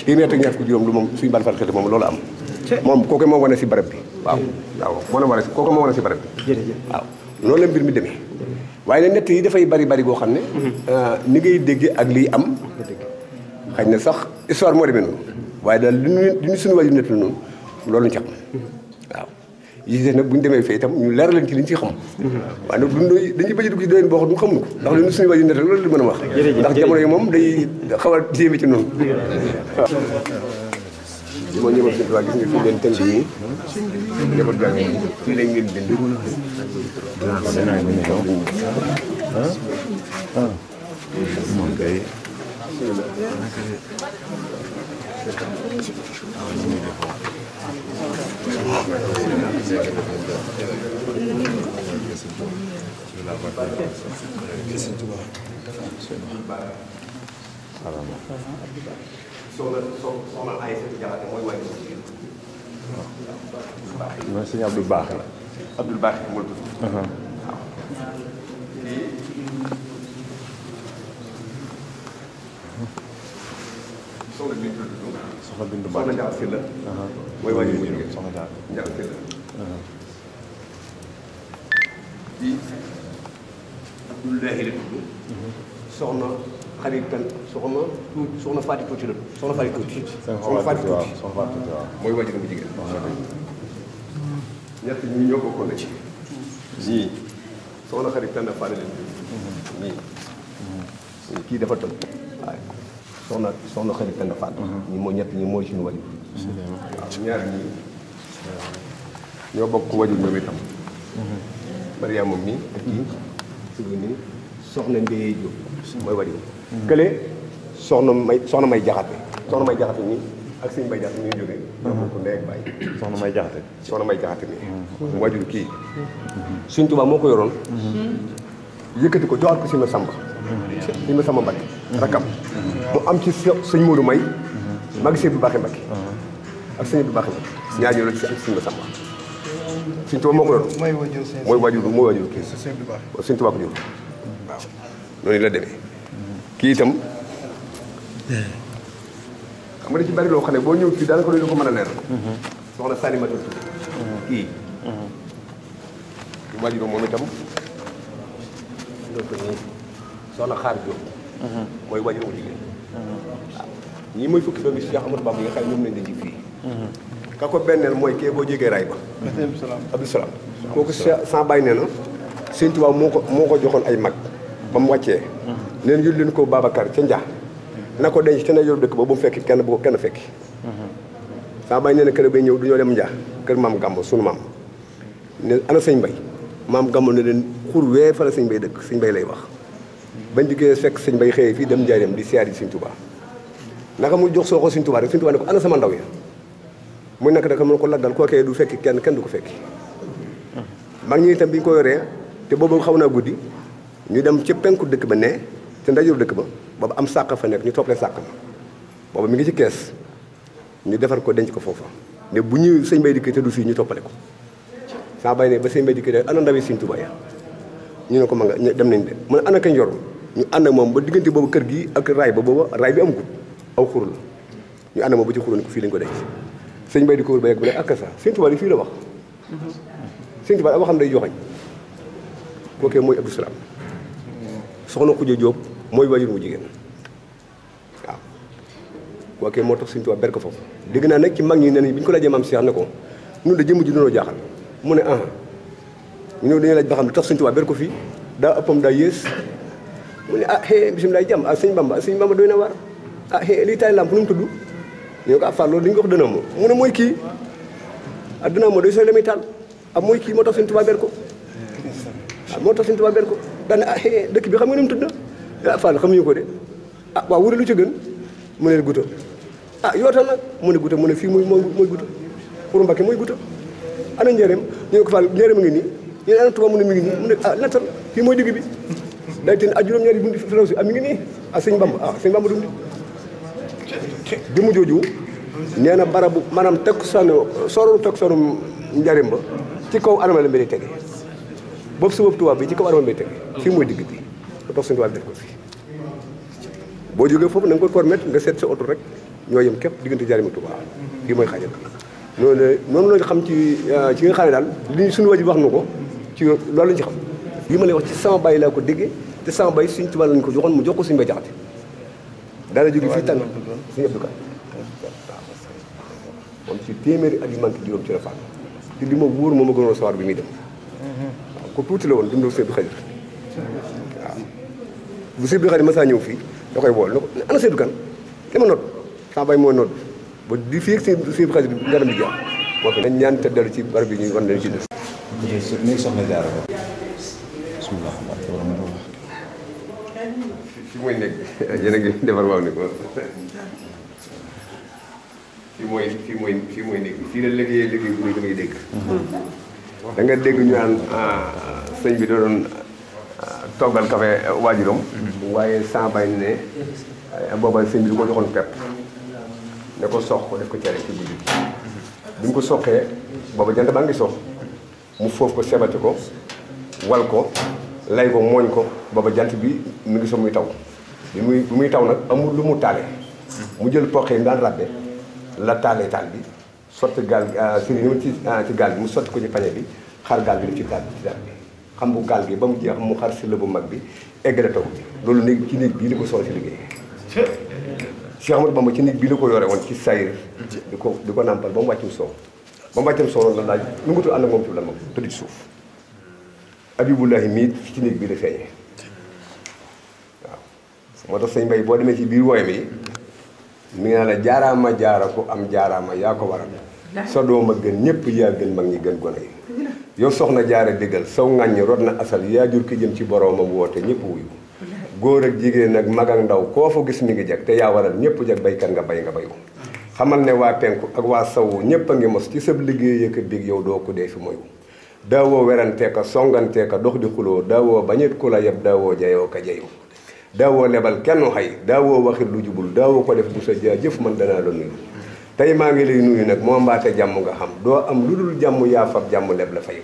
téeméeri at ak ñaar moom sëñ Balla Fall xel am moom kooku moo wane si barab bi waaw waaw moo na wane si kooku wane si barab bi waaw noonu la mbir mi demee waaye nag nett yi dafay bari bari boo xam ne mhm. euh, ni ngay dégg ak liy am xëy na sax histoire moo demee noonu waaye daal li ñu suñu wàju nettal loolu ñu ci waaw yi des nag bu ñu demee fee itam ñu leer leen ci li ñu ci xam mhm. waaye nag du dañuy bëj dugg ci doyen boo xam du ko ndax li ñu suñu wàju nettal loolu la mën a wax ndax jamono yi moom day xaw a jéeme ci noonu li ma ñëwal sëñ Tuubaa gis nga fi leen tënk nii njaboot gaa ngi fii lañ leen bind moom kay Thank you. soxna soxna Aïssatou Diakhaté mooy waay bu jigéen waaw waaw sëñ Abdou Baax la Abdou Baax moo tudd waaw soxna bi tudd soxna Bintu Baax soxna Diakhaté la mooy waay bu jigéen soxna Diakhaté la di Abdoulahi la tudd uh-huh. soxna xarit kan soxna tuuti soxna Fatou tuuti la soxna Fatou tuuti. soxna Fatou tuuti soxna Fatou tuuti mooy wàññi ko bu jigéen. ñett ñi ñoo na ci. soxna xarit kan la Fatou leen nii kii dafa tënk. waaw soxna soxna xarit kan la Fatou. Mhm. ñi mooy ñett ñi mooy suñu wàññi. waaw mhm. mi soxna Ndeye Diop mooy kële soxna may soxna may jaxate soxna may jaxate nii ak sëñ ba jaxate mi ngi jógee ñoo mhm. may jaxate soxna may jaxate nii mhm. waajur kii sëñ Tuubaa moo ko yoroon mhm. yëkkati ko joxaat ko sëñ Masamba sëñ Masamba Mbakke rakam am ci sëñ Moodu may mag sëñ bu baaxee Mbakke ak sëñ bu baaxee ñaar ñoo la ci am sëñ moo ko yoroon mooy waajur mooy waajur mooy waajur kii sëñ Tuubaa ko jur noonu la demee kii itam xam nga da ci bari loo xam ne boo ñëw fii daanaka duñu ko mën a leer. Mhm. soxna Salimata Touré. kii. bu ma juróom moom itam. soxna Xaar Diop. Mhm. mooy a jigéen. waaw mhm. ah. ñii mooy fukki doomi Cheikh Amadou Bamba yi nga xam ne ñoom lañ fii. ka ko benneel mooy kee boo jégee raay ba. Abdou Salam Abdou Salam. kooku sa bàyyi nee na. Sëñ moo ko moo ko joxoon ay mag. ba mu wàccee neen yul ko Babacar ca njax na ko denc te na yow dëkk ba bu mu fekki kenn bu kenn fekki saa bay nee na kër bay ñëw du ñoo dem njax kër maam gàmmu sunu maam ne ana sëñ mbay maam gàmmu ne leen xur wee fa sëñ mbay dëkk sëñ mbay lay wax bañ diggee fekk sëñ mbay xëyee fii dem njaareem di siyaar yi sëñ tubaa naka mu jox soo ko sëñ tubaa rek sëñ tubaa ne ko ana sama ndaw ya mu nekk daka mën ko laggal koo kee du fekki kenn kenn du ko fekk mag ñi itam bi ko yoree te boobu xaw naa guddi ñu dem ca penku dëkk ba ne te ndajur dëkk ba boobu am sàq fa nekk ñu toppale sàq ba boobu mi ngi ci kees ñu defar ko denc ko foofa mais bu ñuy sëñ bay dikkee te ñu toppale ko saa bay ne ba sëñ bay dikkee da ana ndawi sëñ Tuubaa ñu ne ko ma dem nañ de mu ne ana kañ yor ñu ànd moom ba diggante boobu kër gi ak raay ba booba raay bi amagul aw xur ñu ànd ak moom ba ko fii lañ ko denc sëñ bay di ko wër ba yegg ba ne ak sa sëñ Tuubaa yi fii la wax sëñ Tuubaa day joxañ kookee mooy Abdou Salaam soxna Khoudia Diop mooy wajur wu jigéen waaw kookee moo tax suñu tubaab ber ko foofu dégg naa nag ci mag ñi ne bi ñu ko la maam Cheikh ne ko ñun da jëmm ji doonoo jaaxal mu ne ah ñu ñëw dañuy ne tax suñu tubaab ber ko fii daa ëppam daa yées mu ne ah xëy bisimilah jàmm ah sëñ Bamba ah sëñ Bamba doy na waar ah xëy lii taay làmp nu mu tudd ñu ko ah Fall loolu dañu ko wax mu ne mooy kii ah dënam doy sooy la muy ah, mooy kii moo tax suñu tubaab ber ah, moo tax suñu tubaab ber ko daana ah eh, eh, dëkk bi xam nga ni mu tudd ah Fall xamuñu ko de ah waaw wuri lu ci gën mu ne guta ah yootal nag mu ne guta mu ne fii mooy mooy guta pour Mbacke mooy guta ana njëriñ ñu ne ko Fall mu ngi nii ñu ne ana nii mu ne ah nattal fii mooy digg bi day teen ak ah, juróom-ñaari bundi firaw si ah, mi ngi nii ah sëñ Bamba ah sëñ Bamba dundi bi mu jooju nee na barabu maanaam teg sanu sorolu teg sanu njëriñ ba ci kaw anama la mbiri boobu sabab tubaab bi ci kaw armal may tëgg fii mooy digg bi nga tax suñu tubaab def ko fii boo jógee foofu na ko ko permettre nga seet sa oto rek ñoo yem képp diggante jaarima tubaab fii mooy xaajal noonu moom lañ xam ci euh, ci nga daal li suñu wajib wax na ko ci loolu lañ xam li ma lay wax ci sama laa ko déggee te sama bàyyi suñ tubaab ko joxoon mu jox ko suñu bay jaxate daana jóge fii tànn suñu Abdou Kan moom ci téeméeri at yu manqué juróom te li ma wóor moom a gënoon sawar bi muy dem ku tuuti la woon dundoo Sëñ Abdou Khadir waaw bu Sëñ Abdou Khadir masaa ñëw fii da koy wool na ko ana Sëñ kan li ma saa bay moo nodd ba di fii ak Sëñ Abdou Khadir ngaram bi jaar moo fi nañ ñaan te dellu ci barab yi ñuy ko bismillah fi mooy nekk *laughs* yéen a ngi defar waaw ne ko fii mooy fii mooy fii mooy nekk fii la liggéeyee liggéey bu ngay dégg mhm. da nga dégg ñu naan ah, sëñ bi da doon ah, toggal kafe waajuram waaye sans bay ne ah, booba sëñ bi du ko joxoon pepp ne ko sox ko def ko cere ci guddi bi mu ko soqee booba jant baa ngi sox mu foofu ko sebati ko wal ko lay ko mooñ ko booba jant bi mu ngi sox muy taw bi muy muy taw nag amul lu mu taale mu jël poqe yi daan rabbe la taale taal bi sotti gaal gi suñu ah, ñëw ci ah, ci gaal gi mu sotti ko ci pañe bi xar gaal gi def ci gaal bi ci gaal bi xam bu gaal gi ba mu jeex mu xar si la bu mag bi eggale taw bi loolu néeg ci néeg bii li ko soxla si liggéey Cheikh Amadou ci néeg bii li ko woon ci sayir di ko di ko nàmpal ba mu wàccum soow ba mu wàccum soow la laaj lu nga tul ànd ak moom ci lan moom tëdd ci suuf Abibullahi mii ci néeg bii la feeñee waaw moo tax sëñ Mbay boo demee ci biir wooyam yi mi ngi naan la jaaraama jaara ku am jaaraama yaa ko waral sa doom a gën ñëpp yaa gën mag ñi gën gone yi yow soxna jaara déggal saw ŋàññi rot na asal yaa jur ki jëm ci boroomam woote ñëpp wuyu góor ak jigéen ak mag ak ndaw koo fa gis mi ngi jag te yaa waral ñëpp jag baykat nga bay nga bayu xamal ne waa penku ak waa sawu ñëpp a ngi mos ci sab liggéey ak biig yow doo ko dee fi moyu daawoo werante ka songante dox di xuloo daawoo bañet ku la yeb daawoo jayoo ka daawoo lebal kenn xay daawoo waxit lu jubul daawoo ko def bu sa jaa jëf man danaa la nuyu tey maa ngi lay nuyu nag moo mbaate jàmm nga xam doo am lu dul jàmm yaa fab jàmm leb la fayu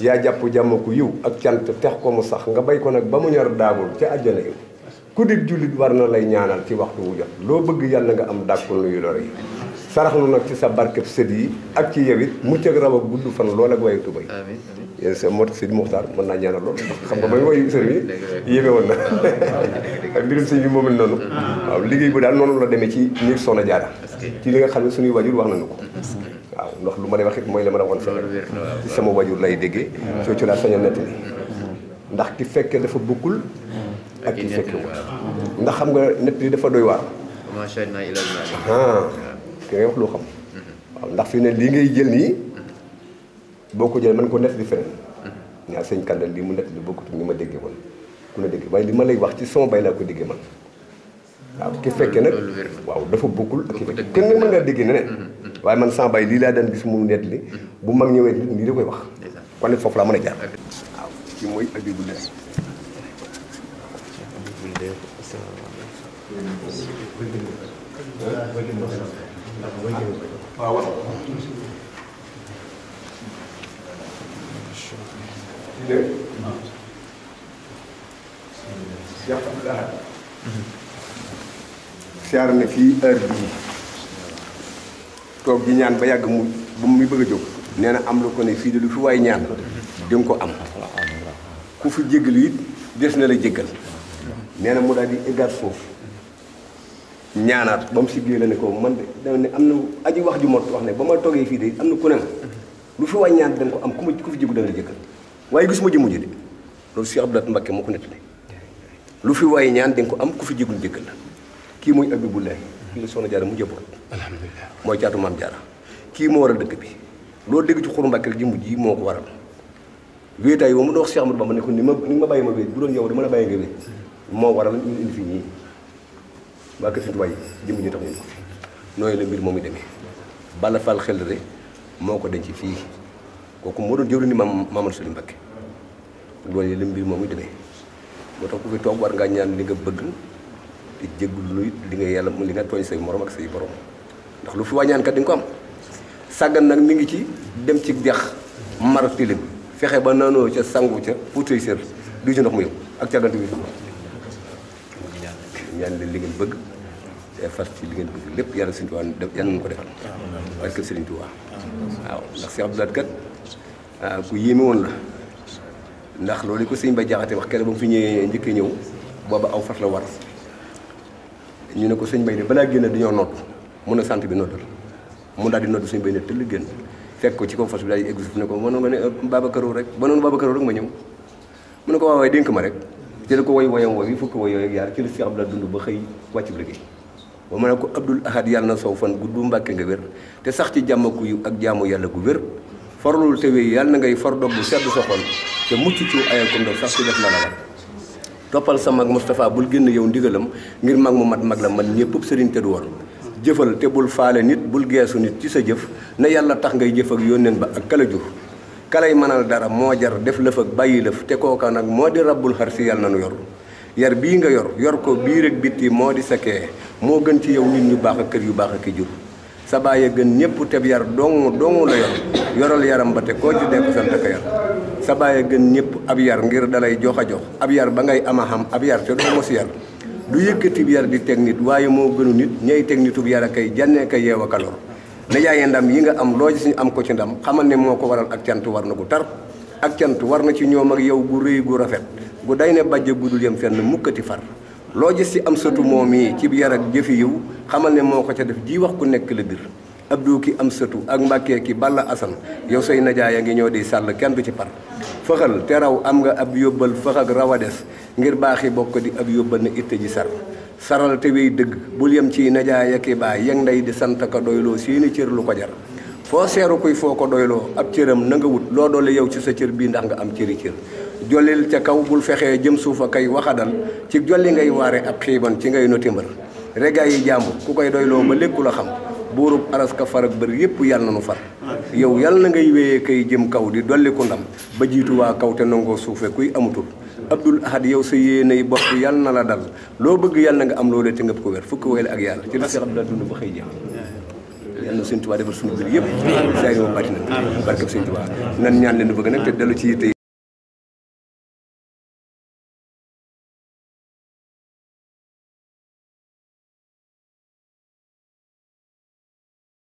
yaa jàpp jàmm ku yiw ak cant tex ko mu sax nga bay ko nag ba mu ñor daagul ca àjjana yi ku di jullit war na lay ñaanal ci waxtu wu jot loo bëgg yàlla nga am dàkku nuyu lor yi saraxlu nag ci sa barkeb sët yi ak ci yewit mu ak raw ak gudd fan lool ak wayu tubay yéen moo tax sëñ Muxtaar mën naa ñaanal lool xam nga may woy sëñ bi yéeme woon na ay mbirum sëñ bi moom la noonu waaw liggéey bi daal noonu la demee ci ñi Soxna Jaara ci li nga xam ne suñuy wajur wax nañu ko waaw ndax lu ma lay wax it mooy la ma la waxoon ci sama wajur lay déggee soo ci laa sañ a nett ni ndax ki fekkee dafa bukkul ak ki fekke wut ndax xam nga nett li dafa doy waar ah ki ngay wax loo xam waaw ndax fi ne lii ngay jël nii boo ko jëlee mën ko nett di feneen ñaa sëñ Kande li mu nett li bokkutu ni ma déggee woon ku ne dégg waaye li ma lay wax ci son bay laa ko déggee man waaw ki fekkee nag waaw dafa bokkul ak ki fekkee kenn mën ngaa déggee neneen mm-hmm, mm-hmm. waaye man sama bay lii laa daan gis mu nett mm-hmm. bu mag ñëwee lii da koy wax kon nag foofu laa mën a jaar mooy Habibou lépp mm-hmm. ah. mm-hmm. siyaar na fii heure bii toog ji ñaan ba yàgg mu ba mu bëgg a jóg nee am la ko ne fii de lu fi waay ñaan di ko am ku fi jéggalu it des na la jéggal nee na mu daal di eggaat foofu ñaanaat ba mu siggee la ne ko man de dama ne am na aji wax ju moo wax ne ba ma toogee fii de am na ku ne mm-hmm. lu fi waay ñaan da ko am ku ma ku fi jéggu da nga la jéggal waaye gisuma jëmm ji de loolu Cheikh Abdou Lahad Mbacké moo ko nettali lu fi waaye ñaan di ko am ku fi jégul jéggal la kii mooy Abibullahi kii la soxna jaara mu jëppoon alhamdulilah mooy caatu maam jaara kii moo war a dëkk bi loolu dégg ci xuru Mbacké rek jëmm ji moo ko waral wéetaay boobu mu doon wax Cheikh Amadou Bamba ne ko ni ma ni ma bàyyi ma wéet bu doon yow dama la bàyyi nga wéet moo waral ñu indi fii ñii waa kër Sintuwaay jëmm ji tax ñu ko fi nooy la mbir moom i demee bala fal xel rek moo fii kooku moo doon jëwriñu maam Mamadou Sëriñ Mbakke loolu la mbir moomu demee moo tax ku fi toog war ngaa ñaan li nga bëgg di jégalu li nga yàlla li nga tooñ say morom ak say borom ndax lu fi wàññaan kat ko am sàggan nag mi ngi ci dem ci dex mar tilim fexe ba naanoo ca sangu ca puutay sër du ci ndox mu yow ak càggante bi ñaan leen li ngeen bëgg te fas ci li ngeen bëgg lépp yàlla Sëriñ Tuubaa yàlla nañu ko defal parce que Sëriñ Tuubaa waaw euh, ku yéeme woon la ndax loolu ko sëñ ba jaxate wax keroog ba mu fi ñëwee njëkk ñëw booba aw fas la war ñu ne ko sëñ bay de balaa génn dañoo nodd mun a sant bi noddal mu daal di nodd sëñ bay ne tëll ci kaw fas bi daal di egg suuf ne ko mënoon nga ne euh, Babakarou rek mënoon Babakarou rek ma ñëw mu ne ko waawaay dénk ma rek jël ko woy woyam woy yi fukki woy yooyu ak yaar ci la si Abdoulaye dund ba xëy wàcc bi liggéey ba mu ne ko Abdoul Ahad yàlla na sow fan gudd Mbàkke nga wér te sax ci jàmm ku yiw ak jaamu yàlla gu wér farlul te wéy yàlla na ngay for dog bu sedd sa xol te mucc ci ayal ko ndox sax si def la toppal sa mag Moustapha bul génn yow ndigalam ngir mag mu mat mag la man ñëpp sëriñ te du war jëfal te bul faale nit bul geesu nit ci sa jëf na yàlla tax ngay jëf ak yónneen ba ak kala jur kalay mënal dara moo jar def lëf ak bàyyi lëf te kooka nag moo di rabbul xar si yàlla nu yor yar bii nga yor yor ko biir ak bitti moo di sa kee moo gën ci yow nit ñu baax ak kër yu baax ak ki jur sa a gën ñëpp teb yar dong dong la yor yoral yaram ba te koo ci dee ko yar sa a gën ñëpp ab yar ngir dalay jox a jox ab yar ba ngay ama xam ab yar te doo mos yar du yëkkatib yar di teg nit waaye moo gënu nit ñay teg nitub yar a kay jannee kay yeew a kalor na ndam yi nga am loo ci am ko ci ndam xamal ne moo ko waral ak cant war na gu tar ak cant war na ci ñoom ak yow gu rëy gu rafet gu day ne bàjje gudul yem fenn mukkati far loo gis ci am satu moom yi ci yar ak jëfi yiw xamal ne moo ko ca def ji wax ku nekk la bir abdou ki am satu ak mbàkkee ki balla asan yow say najaay a ngi ñëw di sàll kenn du ci par fëxal te raw am nga ab yóbbal fëx ak raw a des ngir baaxi bokk di ab yóbbal na itte ji sar saral te wéy dëgg bul yem ci najaay ak i baay yeg ndey di sant ko doyloo seeni cër lu ko jar foo seeru kuy foo ko doyloo ab cëram na nga wut loo doole yow ci sa cër bii ndax nga am cëri jollil ca kaw bul fexee jëm suuf suufa kay waxadan ci jolli ngay waare ab xiiban ci ngay noti mbër rega yi jàmbur ku koy doyloo ma lékku a xam buurub araska farak bër yépp yàlla na nu far yow yàlla na ngay wéyee kay jëm kaw di dolli ku ndam ba jiitu kaw te nangoo suufe kuy amutul abdul ahad yow sa yéenay bopp yàlla na la dal loo bëgg yàlla nga am loolee te ngëpp ko wér fukki woy la ak yàlla ci li Seex Abdul dund ba xëy jeex yàlla na Sëñ Tuubaa defal yëpp saa yi moom bàtti na barkeb Sëñ Tuubaa nan ñaan leen bëgg nag te dellu ci tey